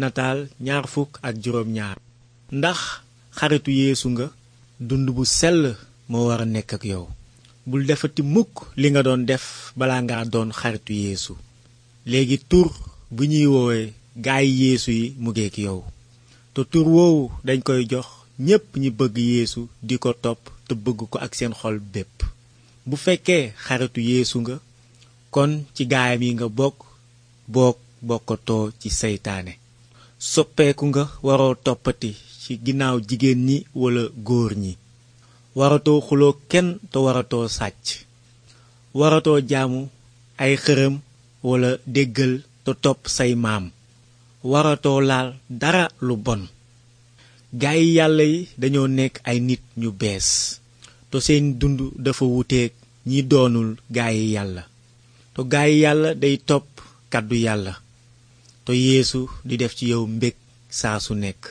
nataal ñaar ak juróom ndax xaritu yéesu nga dund bu sell moo war a nekk ak yow bul defati mukk li nga doon def bala nga doon xaritu yéesu léegi tur bu ñuy woowee gaay yeesu yi mu yow te tur woowu dañ koy jox ñépp ñi bëgg yeesu di ko topp te bëgg ko ak seen xol bépp bu fekkee xaritu yéesu nga kon ci gaayam yi nga bokk bokk bokkatoo ci seytaane soppeeku nga waroo toppati ci ginnaaw jigéen ñi walla góor ñi waratoo xuloo kenn te waratoo sàcc waratoo jaamu ay xërëm walla déggal te topp say maam waratoo laal dara lu bon gaay yi yàlla yi dañoo nekk ay nit ñu bees te seen dund dafa wuteeg ñi doonul gaay yàlla te gaay yàlla day topp kàddu yàlla te yeesu di def ci yow mbeg saa su nekk